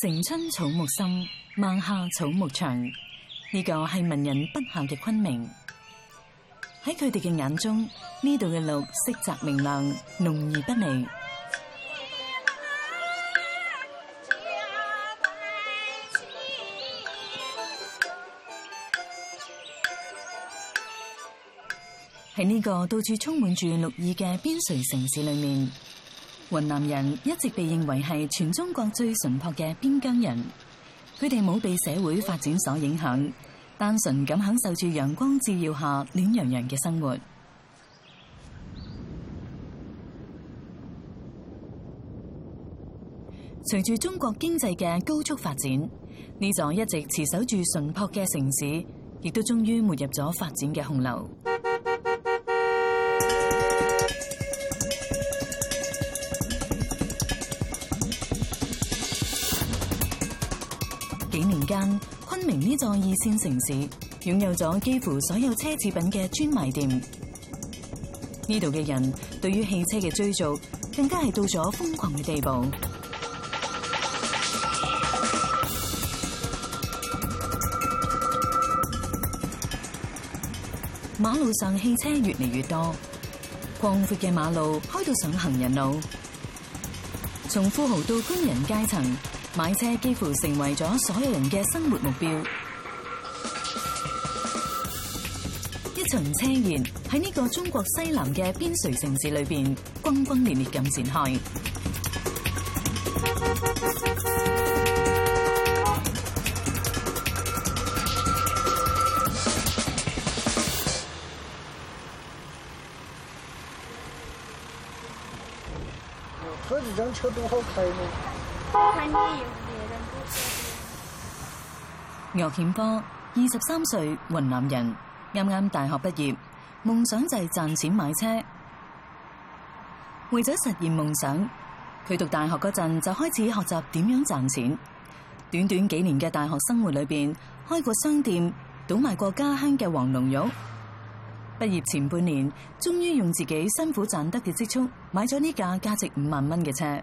城春草木深，孟夏草木長。呢、這個係文人筆下嘅昆明。喺佢哋嘅眼中，呢度嘅綠色澤明亮，濃而不膩。喺呢個到處充滿住綠意嘅邊陲城市裏面。雲南人一直被認為係全中國最淳樸嘅邊疆人，佢哋冇被社會發展所影響，單純咁享受住陽光照耀下暖洋洋嘅生活。隨住中國經濟嘅高速發展，呢座一直持守住淳樸嘅城市，亦都終於沒入咗發展嘅洪流。間昆明呢座二線城市擁有咗幾乎所有奢侈品嘅專賣店，呢度嘅人對於汽車嘅追逐更加係到咗瘋狂嘅地步。馬路上汽車越嚟越多，寬闊嘅馬路開到上行人路，從富豪到工人階層。買車幾乎成為咗所有人嘅生活目標，一場車熱喺呢個中國西南嘅邊陲城市裏邊，轟轟烈烈咁展開。這幾車都好開嗯嗯嗯嗯、岳顯波，二十三歲，雲南人，啱啱大學畢業，夢想就係賺錢買車。為咗實現夢想，佢讀大學嗰陣就開始學習點樣賺錢。短短幾年嘅大學生活裏邊，開過商店，倒賣過家鄉嘅黃龍玉。畢業前半年，終於用自己辛苦賺得嘅積蓄，買咗呢架價值五萬蚊嘅車。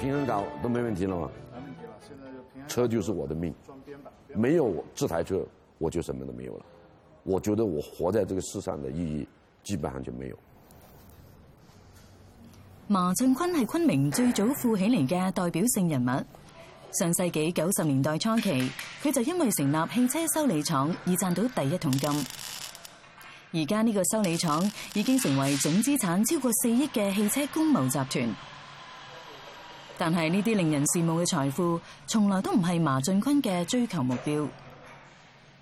平衡搞都沒問題了嗎？就車就是我的命，沒有我這台車，我就什麼都沒有了。我覺得我活在這個世上的意義，基本上就沒有。馬俊坤係昆明最早富起嚟嘅代表性人物。上世紀九十年代初期，佢就因為成立汽車修理廠，而賺到第一桶金。而家呢個修理廠已經成為總資產超過四億嘅汽車工貿集團。但係呢啲令人羨慕嘅財富，從來都唔係馬俊坤嘅追求目標。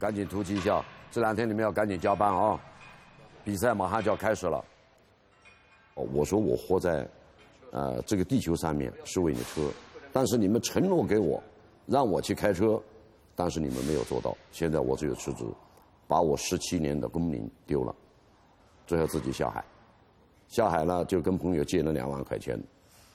趕緊突擊一下，這兩天你們要趕緊加班啊！比賽馬上就要開始了。我說我活在，呃，這個地球上面是為你車，但是你們承諾給我，讓我去開車，但是你們沒有做到。現在我只有辭職，把我十七年的工齡丟了，最後自己下海，下海呢就跟朋友借了兩萬塊錢。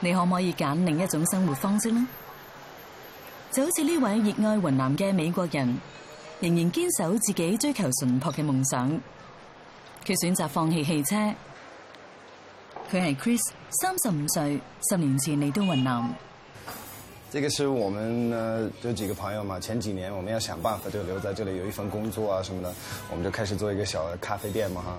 你可唔可以揀另一種生活方式呢？就好似呢位熱愛雲南嘅美國人，仍然堅守自己追求純樸嘅夢想。佢選擇放棄汽車。佢係 Chris，三十五歲，十年前嚟到雲南。這個是我們呢就幾個朋友嘛，前幾年我們要想辦法就留在這裏有一份工作啊什麼的，我們就開始做一個小咖啡店嘛哈。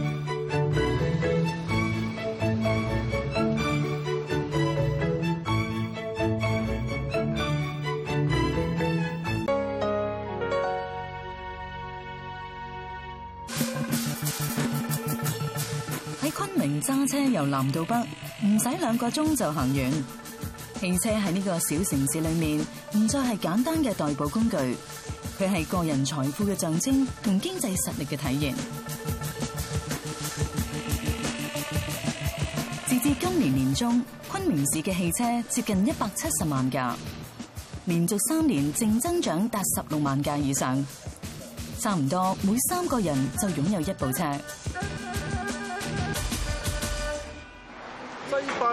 揸車由南到北，唔使兩個鐘就行完。汽車喺呢個小城市裏面，唔再係簡單嘅代步工具，佢係個人財富嘅象徵同經濟實力嘅體現。截至今年年中，昆明市嘅汽車接近一百七十萬架，連續三年淨增長達十六萬架以上，差唔多每三個人就擁有一部車。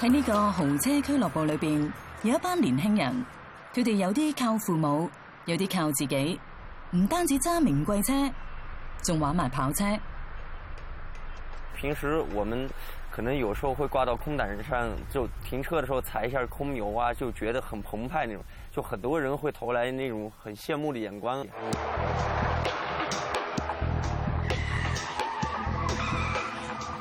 喺呢個豪車俱樂部裏邊，有一班年輕人，佢哋有啲靠父母，有啲靠自己，唔單止揸名貴車，仲玩埋跑車。平時我們可能有時候會掛到空檔上，就停車嘅時候踩一下空油啊，就覺得很澎湃那種，就很多人會投來那種很羨慕的眼光。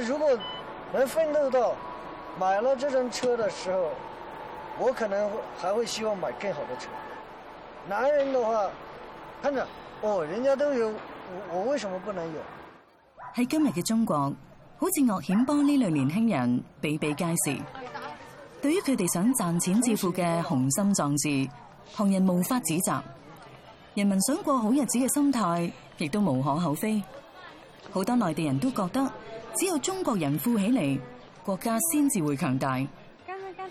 如果能奮鬥到買了這輛車的時候，我可能還會希望買更好的車。男人的話，看着哦，人家都有，我我為什麼不能有？喺今日嘅中國，好似岳顯波呢類年輕人比比皆是。對於佢哋想賺錢致富嘅雄心壯志，旁人無法指責。人民想過好日子嘅心態亦都無可厚非。好多內地人都覺得。只有中國人富起嚟，國家先至會強大。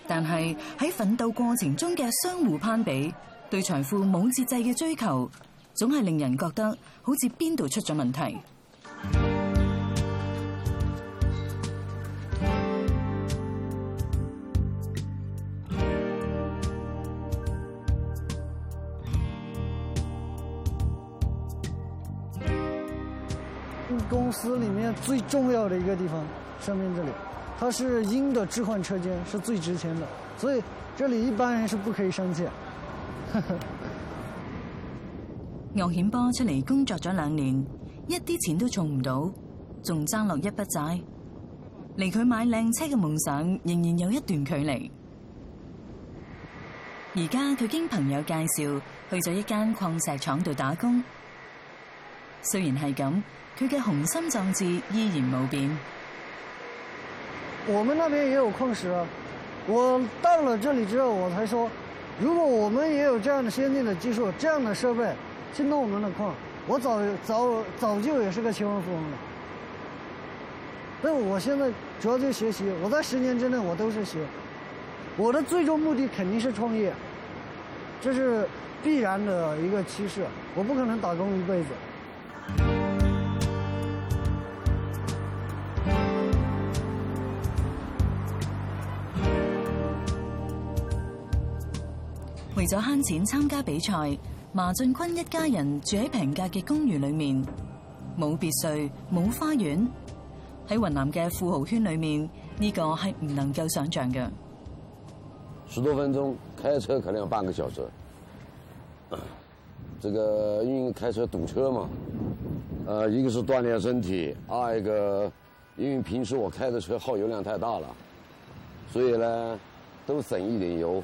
但係喺奮鬥過程中嘅相互攀比，對財富冇節制嘅追求，總係令人覺得好似邊度出咗問題。公司裏面最重要的一個地方，上面這裏，它是金的置換車間，是最值錢的，所以這裏一般人是不可以生氣的。顯波出嚟工作咗兩年，一啲錢都儲唔到，仲爭落一筆債，離佢買靚車嘅夢想仍然有一段距離。而家佢經朋友介紹，去咗一間礦石廠度打工。雖然係咁，佢嘅雄心壯志依然冇變。我們那邊也有礦石，我到了這裏之後，我才說，如果我們也有這樣的先進的技術、這樣的設備，去弄我們的礦，我早早早就也是個千萬富翁了。但我現在主要就學習，我在十年之內我都是學，我的最終目的肯定是創業，這，就是必然的一個趨勢。我不可能打工一輩子。為咗慳錢參加比賽，馬俊坤一家人住喺平價嘅公寓裡面，冇別墅，冇花園。喺雲南嘅富豪圈裡面，呢、這個係唔能夠想象嘅。十多分鐘開車可能要半個小時，啊，這個因為開車堵車嘛。呃、啊，一個是鍛煉身體，二、啊、一個因為平時我開的車耗油量太大啦，所以呢都省一點油。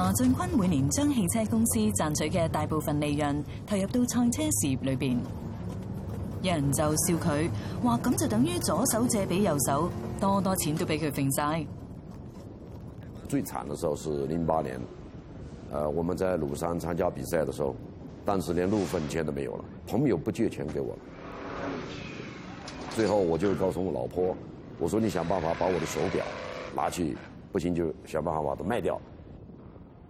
馬、啊、俊坤每年將汽車公司賺取嘅大部分利潤投入到賽車事業裏邊，有人就笑佢話：咁就等於左手借俾右手，多多錢都俾佢饋晒。最慘的時候是零八年，我們在魯山參加比賽的時候，當時連路費錢都沒有了，朋友不借錢給我了，最後我就告訴我老婆：我說你想辦法把我的手錶拿去，不行就想辦法把它賣掉。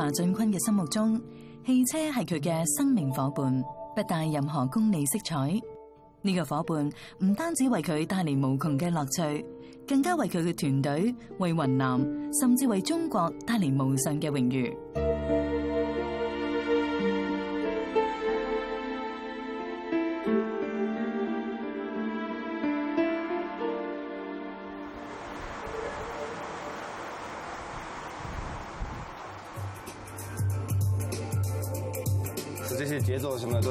華俊坤嘅心目中，汽車係佢嘅生命伙伴，不帶任何功利色彩。呢、這個伙伴唔單止為佢帶嚟無窮嘅樂趣，更加為佢嘅團隊、為雲南，甚至為中國帶嚟無盡嘅榮譽。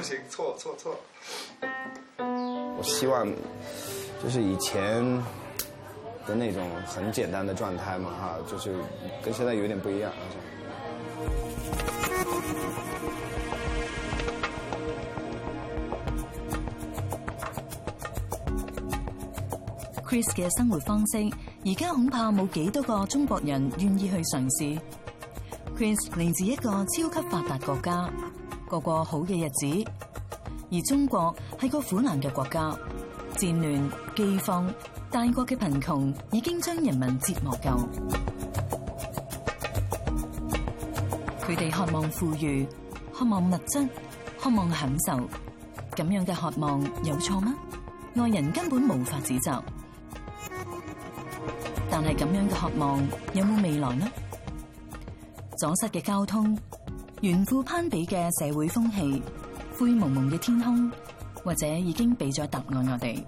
不行，錯錯錯！錯，我希望就是以前的那種很簡單的狀態嘛，哈，就是跟現在有點不一樣啊。Chris 嘅生活方式，而家恐怕冇幾多個中國人願意去嘗試。Chris 嚟自一個超級發達國家。過過好嘅日子，而中國係個苦難嘅國家，戰亂、飢荒、大國嘅貧窮已經將人民折磨夠。佢哋渴望富裕，渴望物質，渴望享受。咁樣嘅渴望有錯嗎？外人根本無法指責。但係咁樣嘅渴望有冇未來呢？阻塞嘅交通。炫富攀比嘅社會風氣，灰蒙蒙嘅天空，或者已經俾咗答案我哋。